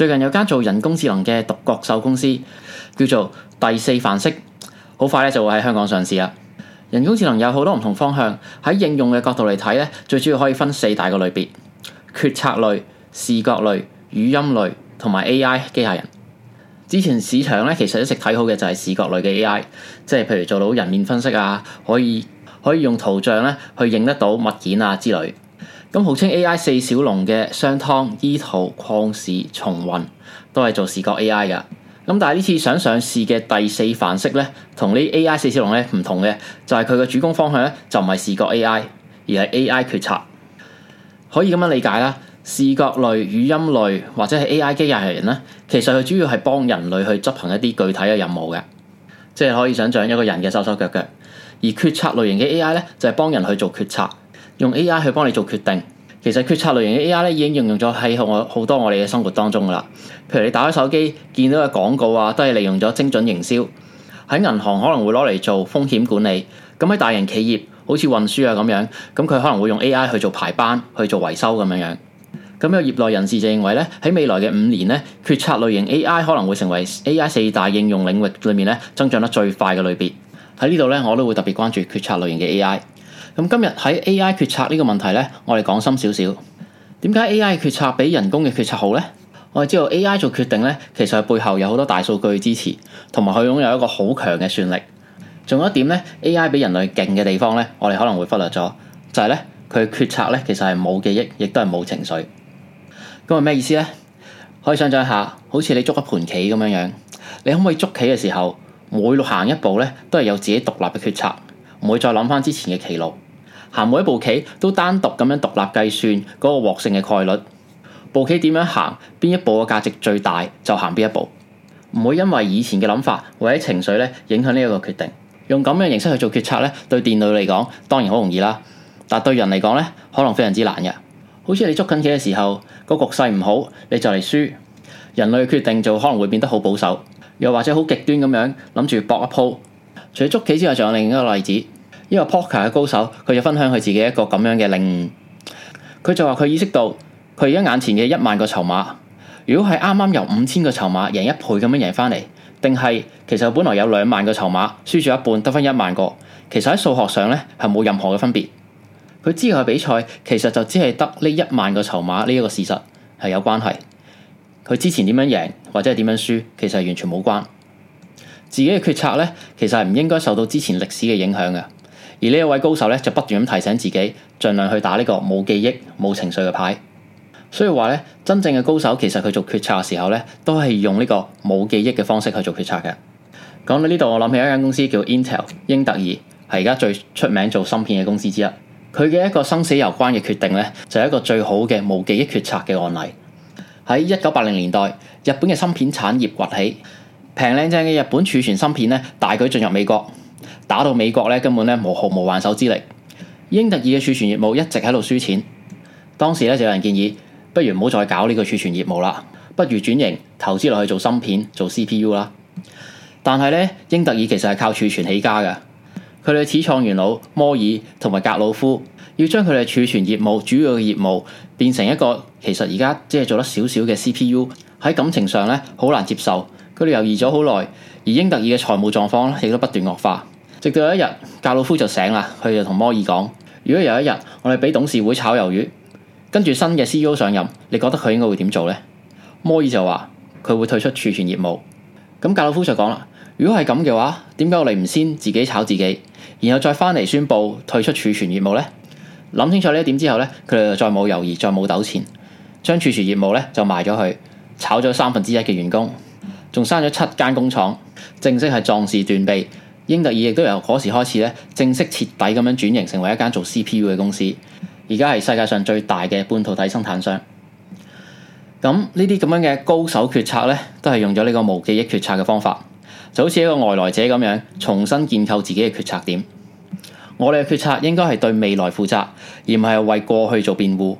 最近有間做人工智能嘅獨角獸公司，叫做第四範式，好快咧就會喺香港上市啦。人工智能有好多唔同方向，喺應用嘅角度嚟睇咧，最主要可以分四大個類別：決策類、視覺類、語音類同埋 AI 機械人。之前市場咧其實一直睇好嘅就係視覺類嘅 AI，即係譬如做到人面分析啊，可以可以用圖像咧去認得到物件啊之類。咁號稱 A I 四小龍嘅商湯、依圖、曠視、雲從都係做視覺 A I 噶，咁但係呢次想上市嘅第四範式咧，同呢啲 A I 四小龍咧唔同嘅，就係佢嘅主攻方向咧就唔係視覺 A I，而係 A I 決策。可以咁樣理解啦，視覺類、語音類或者係 A I 機械人咧，其實佢主要係幫人類去執行一啲具體嘅任務嘅，即係可以想象一個人嘅手手腳腳，而決策類型嘅 A I 咧就係、是、幫人去做決策。用 A.I. 去幫你做決定，其實決策類型嘅 A.I. 咧已經應用咗喺我好多我哋嘅生活當中噶啦。譬如你打開手機見到嘅廣告啊，都係利用咗精準營銷。喺銀行可能會攞嚟做風險管理，咁喺大型企業好似運輸啊咁樣，咁佢可能會用 A.I. 去做排班、去做維修咁樣樣。咁有業內人士就認為咧，喺未來嘅五年咧，決策類型 A.I. 可能會成為 A.I. 四大應用領域裏面咧增長得最快嘅類別。喺呢度咧，我都會特別關注決策類型嘅 A.I. 咁今日喺 AI 決策呢個問題咧，我哋講深少少。點解 AI 決策比人工嘅決策好咧？我哋知道 AI 做決定咧，其實背後有好多大數據支持，同埋佢擁有一個好強嘅算力。仲有一點咧，AI 比人類勁嘅地方咧，我哋可能會忽略咗，就係咧佢決策咧，其實係冇記憶，亦都係冇情緒。咁係咩意思咧？可以想象一下，好似你捉一盤棋咁樣樣，你可唔可以捉棋嘅時候，每行一步咧，都係有自己獨立嘅決策？唔會再諗翻之前嘅棋路，行每一步棋都單獨咁樣獨立計算嗰個獲勝嘅概率。步棋點樣行，邊一步嘅價值最大就行邊一步，唔會因為以前嘅諗法或者情緒咧影響呢一個決定。用咁樣形式去做決策咧，對電腦嚟講當然好容易啦，但對人嚟講咧可能非常之難嘅。好似你捉緊棋嘅時候，個局勢唔好你就嚟輸，人類決定就可能會變得好保守，又或者好極端咁樣諗住搏一鋪。除咗捉棋之外，仲有另一個例子。一個 poker 嘅高手，佢就分享佢自己一個咁樣嘅領悟。佢就話佢意識到，佢而家眼前嘅一萬個籌碼，如果係啱啱由五千個籌碼贏一倍咁樣贏翻嚟，定係其實本來有兩萬個籌碼輸咗一半得翻一萬個，其實喺數學上咧係冇任何嘅分別。佢之後嘅比賽其實就只係得呢一萬個籌碼呢一個事實係有關係，佢之前點樣贏或者係點樣輸，其實完全冇關。自己嘅決策咧，其實係唔應該受到之前歷史嘅影響嘅。而呢一位高手咧，就不斷咁提醒自己，儘量去打呢個冇記憶、冇情緒嘅牌。所以話咧，真正嘅高手其實佢做決策嘅時候咧，都係用呢個冇記憶嘅方式去做決策嘅。講到呢度，我諗起一間公司叫 Intel 英特爾，係而家最出名做芯片嘅公司之一。佢嘅一個生死攸關嘅決定咧，就係一個最好嘅冇記憶決策嘅案例。喺一九八零年代，日本嘅芯片產業崛起，平靚正嘅日本儲存芯片咧，大舉進入美國。打到美國咧，根本咧無毫無還手之力。英特爾嘅儲存業務一直喺度輸錢。當時咧就有人建議，不如唔好再搞呢個儲存業務啦，不如轉型投資落去做芯片、做 CPU 啦。但係咧，英特爾其實係靠儲存起家嘅，佢哋嘅始創元老摩爾同埋格魯夫，要將佢哋儲存業務主要嘅業務變成一個其實而家即係做得少少嘅 CPU，喺感情上咧好難接受。佢哋猶豫咗好耐，而英特爾嘅財務狀況咧亦都不斷惡化。直到有一日，格老夫就醒啦，佢就同摩爾講：如果有一日我哋俾董事會炒魷魚，跟住新嘅 CEO 上任，你覺得佢應該會點做呢？摩爾」摩爾就話：佢會退出儲存業務。咁格老夫就講啦：如果係咁嘅話，點解我哋唔先自己炒自己，然後再翻嚟宣布退出儲存業務呢？諗清楚呢一點之後咧，佢哋就再冇猶豫，再冇糾纏，將儲存業務咧就賣咗佢，炒咗三分之一嘅員工，仲刪咗七間工廠，正式係壯士斷臂。英特爾亦都由嗰時開始咧，正式徹底咁樣轉型成為一間做 CPU 嘅公司。而家係世界上最大嘅半導體生產商。咁呢啲咁樣嘅高手決策咧，都係用咗呢個無記憶決策嘅方法，就好似一個外來者咁樣，重新建構自己嘅決策點。我哋嘅決策應該係對未來負責，而唔係為過去做辯護。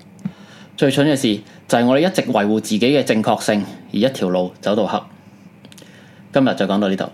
最蠢嘅事就係、是、我哋一直維護自己嘅正確性，而一條路走到黑。今日就講到呢度。